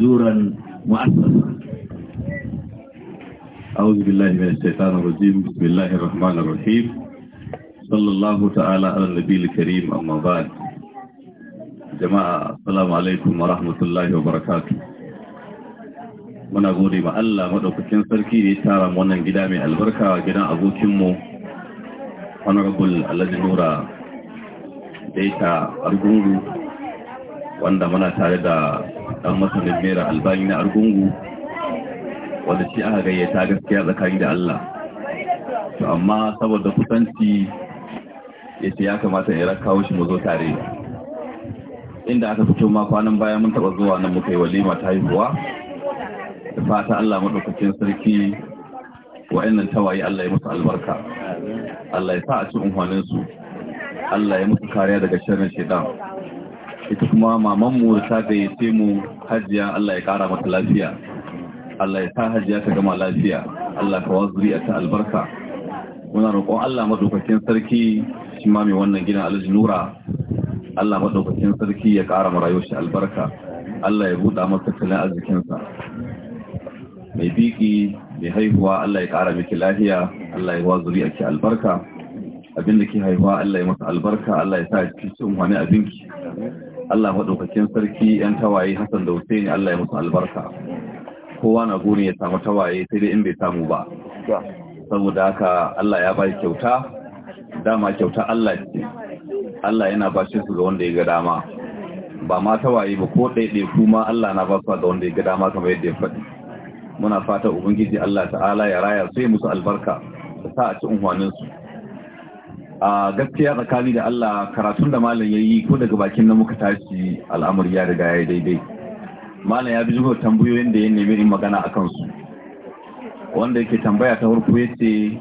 Zuran مؤسسا أعوذ بالله من الشيطان الرجيم بسم الله الرحمن الرحيم صلى الله تعالى على النبي الكريم أما بعد barakatu muna gode ma Allah madaukakin sarki ne tara wannan gida mai albarka gidan abokinmu honorable alhaji wanda muna tare da ɗan masanin mera albani na argungu wanda shi aka gayyata gaskiya tsakani da Allah to amma saboda kusanci ya ce ya kamata ya kawo shi mu zo tare inda aka fito ma kwanan baya mun taba zuwa nan muka yi walima ta haihuwa da fata Allah madaukakin sarki wa'annan tawaye Allah ya musu albarka Allah ya sa a cikin unhwaninsu Allah ya musu kariya daga shirin shaidan ita kuma mamanmu ta gayyace mu hajiya Allah ya kara mata lafiya Allah ya sa hajiya ta gama lafiya Allah ka wa zuriya ta albarka muna roƙon Allah madaukakin sarki shi ma mai wannan gidan Alhaji Nura Allah madaukakin sarki ya kara mara shi albarka Allah ya buɗa masa kalin arzikinsa mai biki mai haihuwa Allah ya kara miki lafiya Allah ya wa zuriya ki albarka abin da ke haihuwa Allah ya masa albarka Allah ya sa cikin wani abinki Allah maɗaukakin sarki ‘yan tawaye Hassan da Hussein Allah ya musu albarka. Kowa na goni ya samu tawaye sai dai in bai samu ba. Saboda haka Allah ya ba kyauta, dama kyauta Allah ce. Allah yana ba shi su ga wanda ya ga dama. Ba ma tawaye ba ko ɗaiɗe kuma Allah na ba su ga wanda ya ga dama kamar yadda ya faɗi. Muna fata Ubangiji Allah ta'ala ya raya sai musu albarka, ta sa a ci su a gaskiya tsakani da Allah karatun da malam ya yi ko daga bakin na muka tashi al'amur ya riga ya daidai malam ya bi zuwa tambayoyin da ya nemi in magana a kansu wanda yake tambaya ta farko ya ce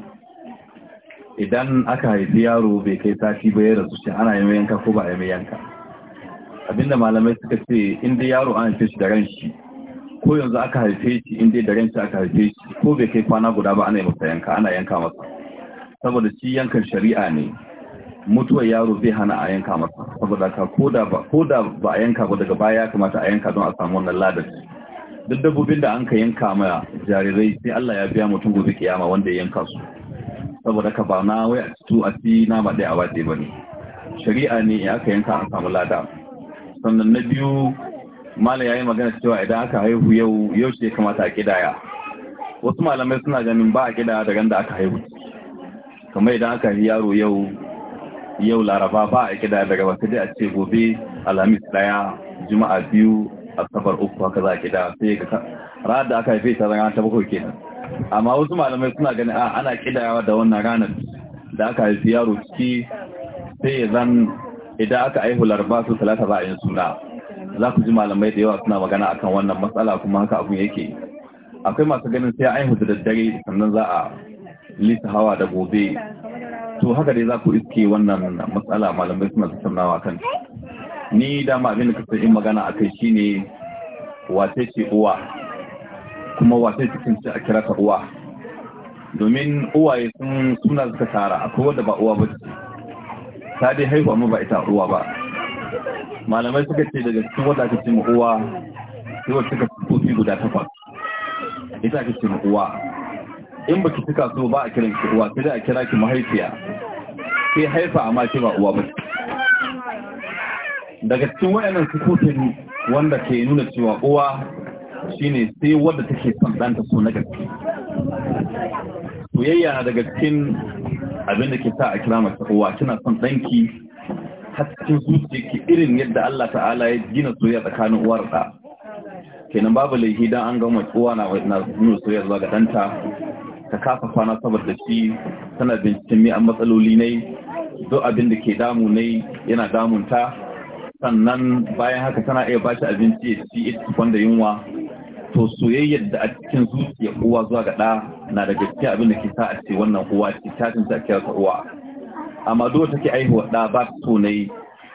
idan aka haifi yaro bai kai sati ba ya rasu shi ana yi yanka ko ba a yi yanka abinda malamai suka ce in dai yaro an haife shi da ran shi ko yanzu aka haife shi in dai da ran shi aka haife shi ko bai kai kwana guda ba ana yi masa yanka ana yanka masa saboda shi yankan shari'a ne mutuwar yaro zai hana a yanka masa saboda ka koda ba ba a yanka ba daga baya ya kamata a yanka don a samu wannan ladar duk dabbobin da an ka yanka ma jarirai sai Allah ya biya mutum gobe kiyama wanda ya yanka su saboda ka ba na wai a cikin a ci nama ɗaya a waje ba ne shari'a ne ya aka yanka an samu lada sannan na biyu malam ya yi magana cewa idan aka haihu yau yau ce kamata a kidaya wasu malamai suna ganin ba a kidaya da da aka haihu kamar idan aka yi yaro yau yau laraba ba a kida daga wasu sai a ce gobe alhamis daya juma'a biyu asabar uku haka za a kida sai ka ranar da aka haife ta rana ta bakwai kenan amma wasu malamai suna ganin a ana kidayawa da wannan ranar da aka haifi yaro ciki sai ya zan idan aka aihu laraba su talata za a yin suna za ku ji malamai da yawa suna magana akan wannan matsala kuma haka abun yake akwai masu ganin sai aihu da daddare sannan za a lisa hawa da gobe to haka dai za ku iske wannan matsala malamai suna tattaunawa kan ni dama abin da kasar in magana a kai shi ne. wace ce uwa kuma wace cikin ce a kira ta uwa domin uwaye sun suna suka tara akwai wadda ba uwa ba ce ta dai haihuwa ma ba ita uwa ba malamai suka ce daga cikin wadda aka ce ma uwa sai wacce ka kofi guda takwas ita ce ma uwa in ba baki cika so ba a kiran ki uwa sai a kira ki mahaifiya ke haifa amma ke ba uwa ba daga cikin wayannan sukutun wanda ke nuna cewa uwa shine sai wadda take son ɗanta so na gaske soyayya na daga cikin abin da ke sa a kira mace uwa kina son ɗanki har cikin zuciyarki irin yadda Allah ta'ala ya gina soyayya tsakanin uwar da kenan babu laifi dan an ga mace uwa na nuna soyayya zuwa ga ɗanta ta kafa kwana saboda shi tana binciken mi an matsaloli ne duk abin da ke damu ne yana damunta sannan bayan haka tana iya bashi abinci ya ci kwanda yunwa to soyayyar da a cikin zuciya uwa zuwa ga ɗa na da gaske abin da ke sa a ce wannan uwa ce ta tunta kira ta uwa amma duk take aihuwa ɗa ba ta so ne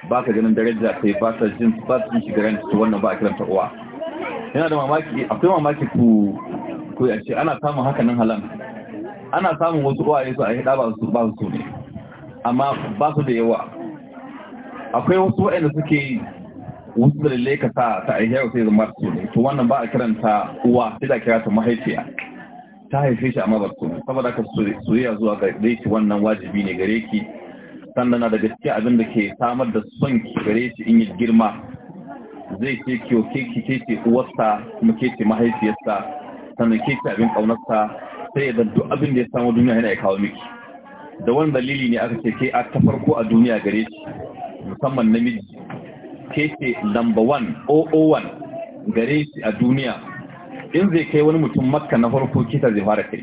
ba ka ganin daraja kai ba ta jin ba ta jin shigaran ta wannan ba a kiranta uwa yana da mamaki akwai mamaki ku ku a ce ana samun hakanin nan halan ana samun wasu 'waye su a yi ba su ba su ne amma ba su da yawa akwai wasu da suke wasu dalilai ka sa ta aihiyar sai zama su ne to wannan ba a kiranta uwa sai da kira ta mahaifiya ta haife shi amma ba su ne saboda ka soyayya zuwa ga ki wannan wajibi ne gare ki sannan na da gaske abin da ke samar da son ki gare shi in yi girma zai ce ki ke ki ke ce uwarsa kuma ke ce mahaifiyarsa sannan ke ce abin ƙaunarsa sai ya duk abin da ya samu duniya yana ya kawo miki da wani dalili ne aka ce ke a ta farko a duniya gare shi musamman namiji ke ce number one one gare shi a duniya in zai kai wani mutum makka na farko kita zai fara kai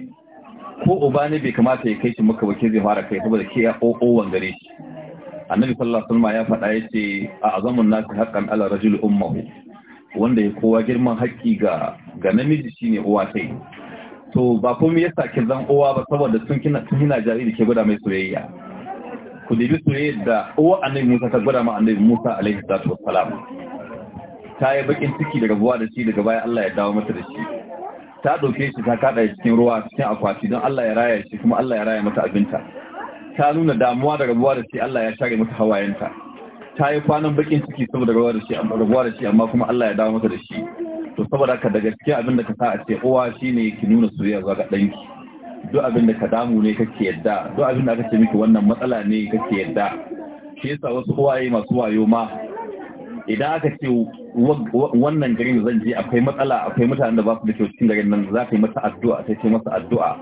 ko uba ne bai kamata ya kai shi maka ba ke zai fara kai saboda ke ya one gare shi annabi sallallahu alaihi wasallam ya faɗa ya yace a azamun nasu haqqan ala rajul ummuhu wanda ya kowa girman haƙƙi ga ga namiji shine uwa sai to ba komai yasa ke zan uwa ba saboda sun kina kina jariri ke gwada mai soyayya ku dibi soyayya da uwa annabi Musa ta gwada ma annabi Musa alaihi salatu wassalam ta yi bakin ciki daga buwa da shi daga baya Allah ya dawo mata da shi ta dauke shi ta kada cikin ruwa cikin akwati don Allah ya raya shi kuma Allah ya raya mata abinta ta nuna damuwa daga buwa da shi Allah ya share mata hawayenta ta yi kwanan bakin ciki saboda rabuwa da shi amma da shi amma kuma Allah ya dawo mata da shi to saboda ka daga cikin abin da ka sa a ce uwa shine ki nuna soyayya zuwa ga danki duk abin da ka damu ne kake yadda duk abin da aka ce miki wannan matsala ne kake yadda shi yasa wasu uwaye masu wayo ma idan aka ce wannan garin zan je akwai matsala akwai mutanen da ba su da kyau cikin garin nan za ka yi masa addu'a ta ce masa addu'a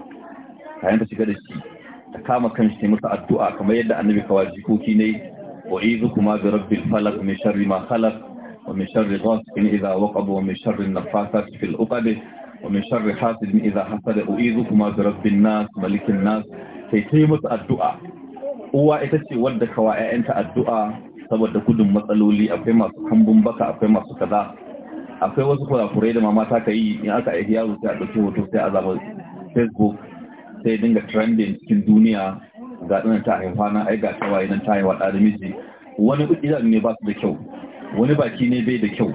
kayan ta shiga da shi ta kama kan shi masa addu'a kamar yadda annabi kawai jikoki ne wa izu kuma bi rabbil falaq min sharri ma khalaq ومن شر غاسق إذا وقب ومن شر النفاثات في الأقد ومن شر حاسد إذا حسد أعيذكما برب الناس ملك الناس كي تيمت الدعاء uwa ita ce wadda kawa 'ya'yanta addu'a saboda gudun matsaloli akwai masu kambun baka akwai masu kaza akwai wasu kurakurai da mama ta ka yi in aka aiki yaro sai a ɗauki hoto sai a zaba facebook sai dinga trending cikin duniya ga ɗanin ta haifa na ai ga tawaye nan ta haifa ɗa da miji wani kuɗi ne ba su da kyau wani baki ne bai da kyau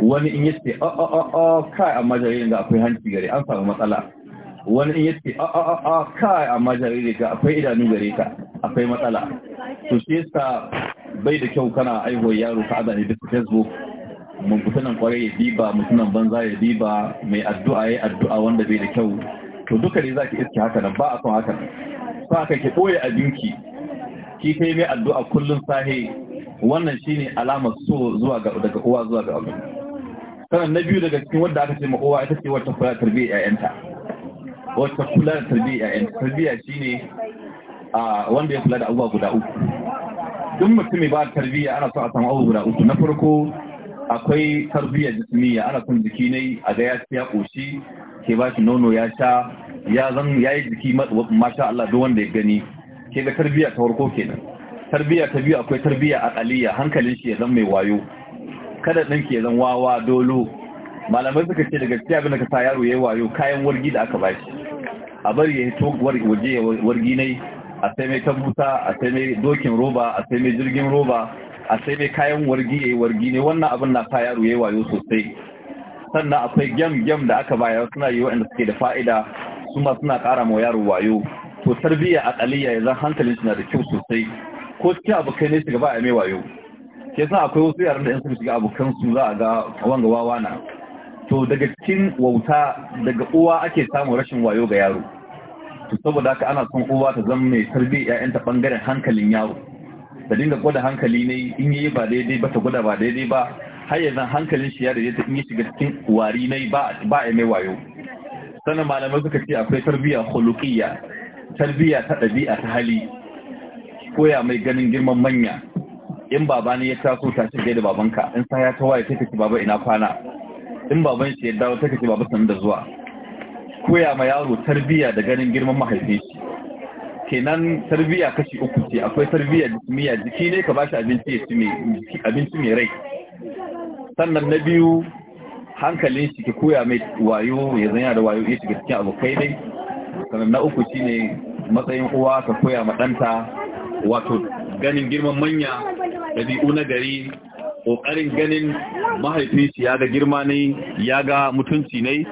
wani in yace a a a a kai amma jaririn ga akwai hanci gare an samu matsala wani in yace a a a a kai amma jaririn ga akwai idanu gare ka akwai matsala to shi yasa bai da kyau kana aiwo yaro ka azani da facebook mutunan kware ya diba mutunan banza ya diba mai addu'a ya addu'a wanda bai da kyau to duka ne zaki iske haka nan ba a son haka sa ka ke boye abinki ki kai mai addu'a kullun sahi. wannan shine alamar so zuwa ga daga uwa zuwa ga abu sannan na biyu daga cikin wanda aka ce ma uwa ita ce wata kula tarbiyyar ƴaƴanta wata kula da tarbiyyar ƴaƴanta tarbiyya shine ne wanda ya kula da abubuwa guda uku duk mutum ba tarbiyya ana so a samu abubuwa guda uku na farko akwai tarbiyya jismiya ana son jiki ne a ga ya ci ya koshi ke ba shi nono ya sha ya zan ya yi jiki masha Allah duk wanda ya gani ke ga tarbiyya ta farko kenan tarbiyya ta biyu akwai tarbiyya a ƙaliya hankalin shi ya zan mai wayo kada ɗanki ya zan wawa dolo malamai suka ce daga cikin abin da ka sa yaro ya yi wayo kayan wargi da aka bashi a bari ya hito waje ya wargi ne a sai mai tabuta a sai mai dokin roba a sai mai jirgin roba a sai mai kayan wargi ya yi wargi ne wannan abin na sa yaro ya yi wayo sosai sannan akwai gem-gem da aka bayar suna yi waɗanda suke da fa'ida su ma suna ƙara ma yaro wayo to tarbiyya a ƙaliya ya zan hankalin suna da kyau sosai ko cikin abokai ne shiga ba a mai wayo ke sa akwai wasu yaran da yan suka shiga abokan su za a ga wanga wawa na to daga cikin wauta daga uwa ake samun rashin wayo ga yaro to saboda haka ana son uwa ta zama mai tarbi ƴaƴan ta bangaren hankalin yaro da dinga gwada hankali ne in yi ba daidai ba ta gwada ba daidai ba har yanzu hankalin shi ya da ta in yi shiga cikin wari ne ba ba ya mai wayo sannan malamai suka ce akwai tarbiyya khuluqiyya tarbiyya ta ɗabi'a ta hali koya mai ganin girman manya in baba ne ya taso ta gai da babanka in sa ya ta waye take baba ina kwana in baban shi ya dawo take baba sanin da zuwa koya ma yaro tarbiyya da ganin girman mahaifin shi kenan tarbiyya kashi uku ce akwai tarbiyya jismiya jiki ne ka bashi abinci ya ci abinci mai rai sannan na biyu hankalin shi ki koya mai wayo ya zanya da wayo ya shiga cikin abokai dai sannan na uku shine matsayin uwa ka koya ma ɗanta wato ganin girman manya ɗabi'u na gari ƙoƙarin ganin mahaifinsu ya ga girma ne ya ga mutunci ne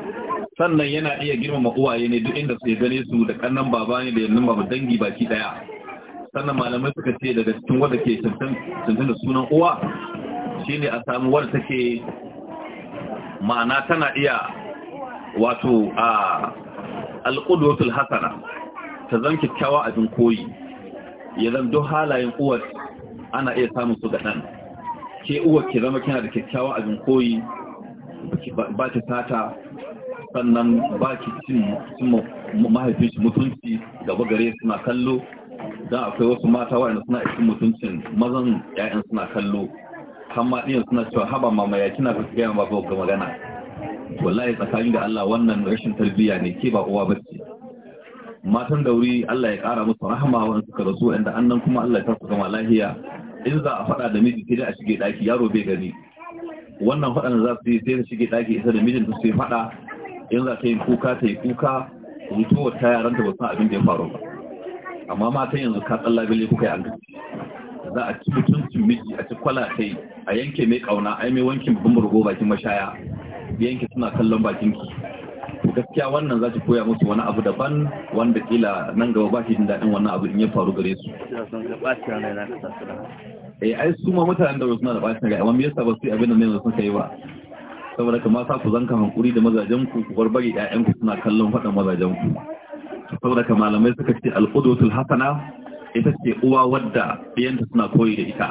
sannan yana iya girmama uwaye ne duk inda sai gane su da kannan baba ne da yannan baba dangi baki daya sannan malamai suka ce daga cikin wanda ke cancan da sunan uwa shine a samu wadda take ma'ana tana iya wato a alƙudwatul hasana ta zan kyakkyawa abin koyi ya zama duk halayen uwar ana iya samun su ga ke uwar ke zama kina da kyakkyawan abin koyi ba ki sata sannan ba ki cin mahaifin shi mutunci gaba gare suna kallo don akwai wasu mata waɗanda suna isin mutuncin mazan 'ya'yan suna kallo hamma ɗin suna cewa haba mama ya kina ka gaya ba ga magana wallahi tsakanin da Allah wannan rashin tarbiyya ne ke ba uwa ba matan dauri Allah ya kara musu rahama wanda suka rasu inda annan kuma Allah ya tafi gama lahiya in za a faɗa da miji sai a shige ɗaki yaro bai gani wannan faɗan za su yi sai ta shige ɗaki isa da mijin sai faɗa in za ta yi kuka ta yi kuka mutuwar ta yaran ba san abin da ya faru ba amma matan yanzu ka tsalla bile kuka yi an za a ci mutuncin miji a ci kwala kai a yanke mai kauna ai mai wankin bumburgo bakin mashaya yanke suna kallon bakin ki gaskiya wannan za ta koya musu wani abu daban wanda kila nan gaba ba shi jin daɗin wannan abu in ya faru gare su. Eh ai su ma mutanen da suna da na rai amma me yasa ba su yi abin da mai ka kai ba. Saboda ma sa ku zanka hankuri da mazajen ku ku barbare ƴaƴan ku suna kallon faɗan mazajen ku. Saboda ka malamai suka ce al-qudwatul hasana ita ce uwa wadda ɗiyanta suna koyi da ita.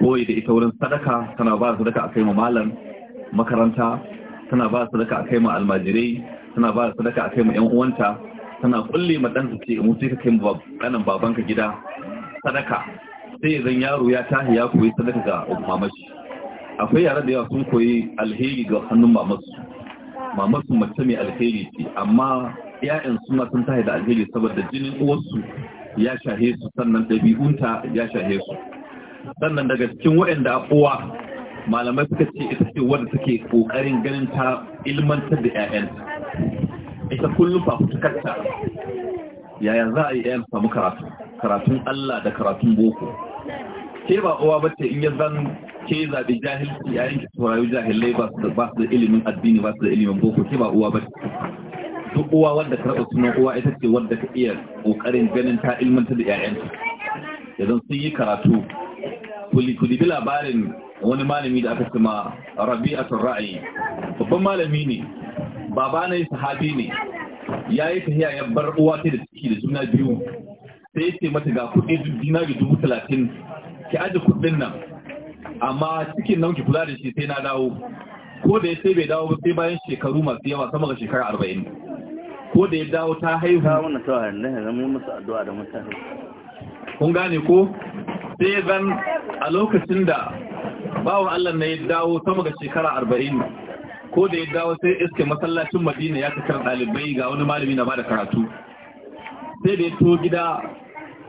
Koyi da ita wurin sadaka tana ba da sadaka a kai ma malam makaranta tana ba sadaka a kai ma almajirai tana ba sadaka a kai ma 'yan uwanta tana kulle ma ɗansa ce mu sai ka kai ma ƙanan babanka gida sadaka sai zan yaro ya tahi ya koyi sadaka ga mamashi akwai yara da yawa sun koyi alheri ga hannun mamasu mamasu mace mai alheri ce amma 'ya'yan suna sun tahi da alheri saboda jinin uwarsu ya shahe su sannan ɗabi'unta ya shahe su sannan daga cikin waɗanda uwa malamai suka ce ita ce wadda take kokarin ganin ta ilmantar da 'ya'yanta ita kullum fafutukarta yaya za a yi 'ya'yan samu karatu karatun Allah da karatun boko ke ba uwa ba ce in ya zan ke zaɓi jahilci yayin ki tsorayu jahilai ba su da ilimin addini ba su da ilimin boko ke ba uwa ba ce duk uwa wadda karɓa sunan uwa ita ce wadda ka iya ƙoƙarin ganin ta ilmantar da 'ya'yanta Idan sun yi karatu kuli kuli bi labarin wani malami da aka cima rabi'atul ra'ayi babban malami ne baba ne sahabi ne yayi ta hiyar bar uwa ta da ciki da juna biyu sai ya ce mata ga kuɗi da dubu talatin ki aji kuɗin nan amma cikin nan ki kula da shi sai na dawo ko da ya sai bai dawo sai bayan shekaru masu yawa sama ga shekara arba'in ko da ya dawo ta haihu wannan ya zama addu'a da mutane kun gane ko sai zan a lokacin da bawan Allah ne ya dawo sama ga shekara arba'in ko da ya dawo sai iske masallacin madina ya kakar ɗalibai ga wani malami na ba da karatu sai da ya to gida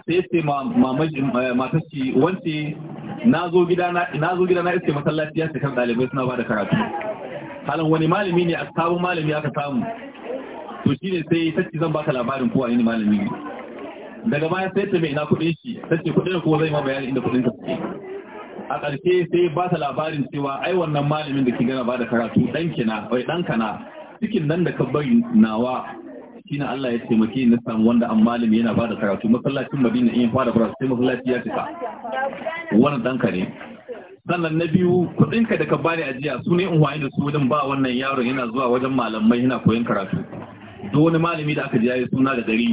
sai sai eh, matar matashi wance na zo gida na iske masallaci ya kakar ɗalibai suna ba da karatu halin wani malami ne a sabon malami aka samu to shi ne sai tacci zan baka labarin kowa ne malami daga baya sai ta mai na kuɗin shi tacce kuɗin ko zai ma bayani inda kuɗin ta suke a ƙarshe sai ba ta labarin cewa ai wannan malamin da ke gana ba da karatu ɗan kina bai ɗan kana cikin nan da ka bari nawa na Allah ya taimake na samu wanda an malami yana ba da karatu masallacin Madina in fara fara sai masallaci ya cika wannan ɗanka ne sannan na biyu ka da ka bani ajiya su ne in waye da su wajen ba wannan yaron yana zuwa wajen malamai yana koyon karatu duk wani malami da aka ji yayi suna da gari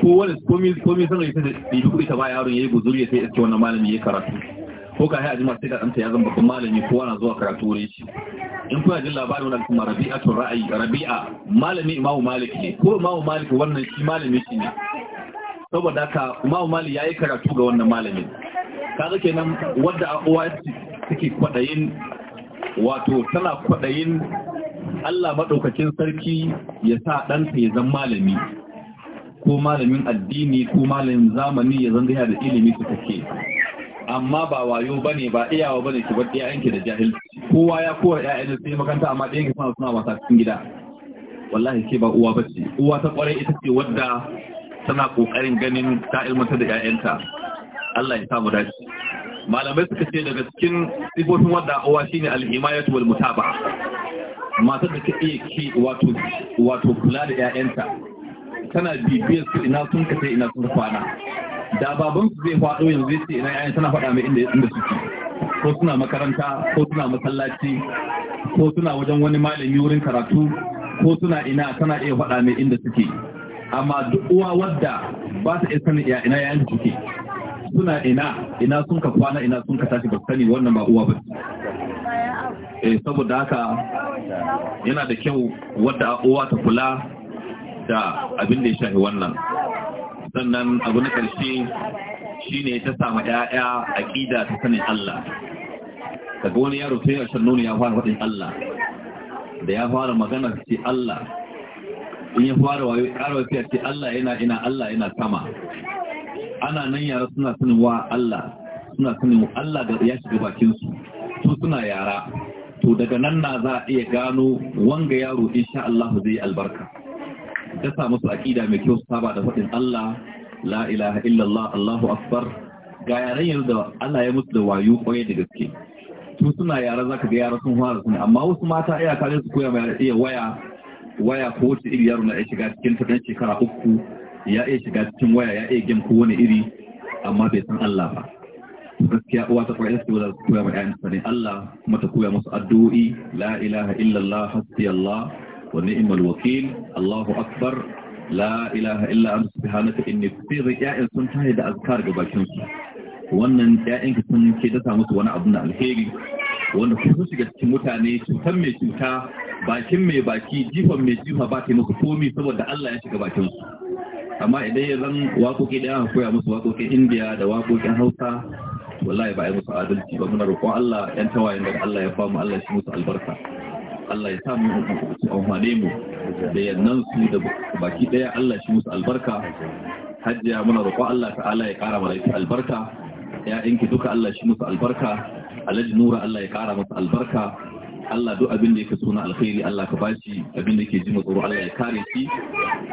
ko wani komi komi sanar da ɗibi kuɗi ta ba yaron yi guzuri ya sai iske wannan malami ya karatu ko ka haji ma sai ka ɗanta ya zama babban malami kowa na zuwa karatu wurin shi in kuna jin labarin wani kuma rabi'atun ra'ayi rabi'a malami imamu Maliki ne ko imamu malik wannan shi malami shi ne saboda ka imamu malik yi karatu ga wannan malamin kaga kenan wadda a uwa suke kwadayin wato tana kwadayin Allah maɗaukakin sarki ya sa ɗanta ya zama malami ko malamin addini ko malamin zamani ya zanga da ilimi su kake amma ba wayo ba ne ba iyawa ba ne ki bar ƴaƴanki da jahil kowa ya kowa ƴaƴan sai makanta amma ɗaya yake suna suna wasa cikin gida wallahi ke ba uwa ce uwa ta ƙwarai ita ce wadda tana kokarin ganin ta ilmanta da ƴaƴanta Allah ya samu dace malamai suka ce daga cikin sifofin wadda uwa shine al himayat wal mutaba'a matar da ta iya ki wato wato kula da ƴaƴanta tana bibiyar su ina sun kace ina sun kwana da su zai faɗo yanzu zai ce ina yayin tana faɗa mai inda inda suke ko suna makaranta ko suna masallaci ko suna wajen wani malami wurin karatu ko suna ina tana iya faɗa mai inda suke amma duk uwa wadda ba ta iya sanin ina yayin suke suna ina ina sun ka kwana ina sun ka tashi ba sani wannan ba uwa ba eh saboda haka yana da kyau wadda uwa ta kula da abin da ya shafi wannan sannan abu na ƙarshe ne ta samu ‘ya'ya ƙida ta sanin Allah daga wani yaro sai a nuna ya fara faɗin Allah da ya fara magana su ce Allah in ya fara wayo ƙarar fiye ce Allah yana ina Allah yana sama ana nan yara suna sanin wa Allah suna sanin Allah da ya shiga bakinsu su suna yara to daga nan na za a iya gano wanga yaro insha Allah zai albarka ka musu aƙida mai kyau saba da faɗin Allah la ilaha illallah Allahu akbar ga yaran yanzu da Allah ya musu da wayo kwaye da gaske su suna yara zaka ga yara sun fara suna amma wasu mata iya kare su koya mai iya waya waya ko wacce iri yaro na iya shiga cikin ta shekara uku ya iya shiga cikin waya ya iya game ko wani iri amma bai san Allah ba gaskiya uwa ta kwaye su da koya mai sani. Allah kuma ta koya musu addu'o'i la ilaha illallah hasbi ونعم الوكيل الله أكبر لا إله إلا أنت سبحانك إني كثير يائل سنتهي دا أذكار قباكين wannan ƴaƴanki sun ke dasa musu wani abu na alheri wanda su shiga cikin mutane cutan mai cuta bakin mai baki jifan mai jifa ba ta musu komi saboda Allah ya shiga bakin su amma idan ya zan waƙoƙi da aka koya musu wakokin Indiya da waƙoƙin Hausa wallahi ba a musu adalci ba muna roƙon Allah 'Yan tawayen daga Allah ya ba mu Allah ya shi musu albarka Allah ya sa mu su amfane mu da yannan su da baki daya Allah shi musu albarka hajjiya muna roƙo Allah ta'ala ya ƙara mana ita albarka ya'yanki duka Allah shi musu albarka alhaji nura Allah ya ƙara masa albarka Allah duk abin da yake suna alkhairi Allah ka bashi abin da yake ji mu tsoro Allah ya kare shi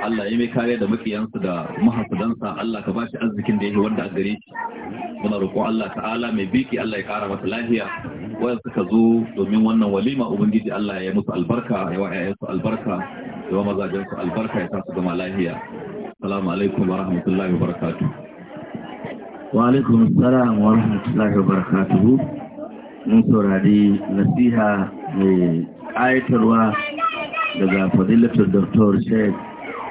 Allah ya mai kare da makiyansa da mahasadansa Allah ka bashi arzikin da yake wanda a gare shi muna roƙo, Allah ta'ala mai biki Allah ya ƙara masa lafiya wanda suka zo domin wannan walima ubangiji Allah ya musu albarka ya wa ƴaƴansu albarka ya wa su albarka ya tasu gama lafiya assalamu alaikum wa rahmatullahi wa barakatuh wa alaikum assalam wa rahmatullahi wa barakatuh mun saurari nasiha mai ayatarwa daga fadilatul doktor Sheikh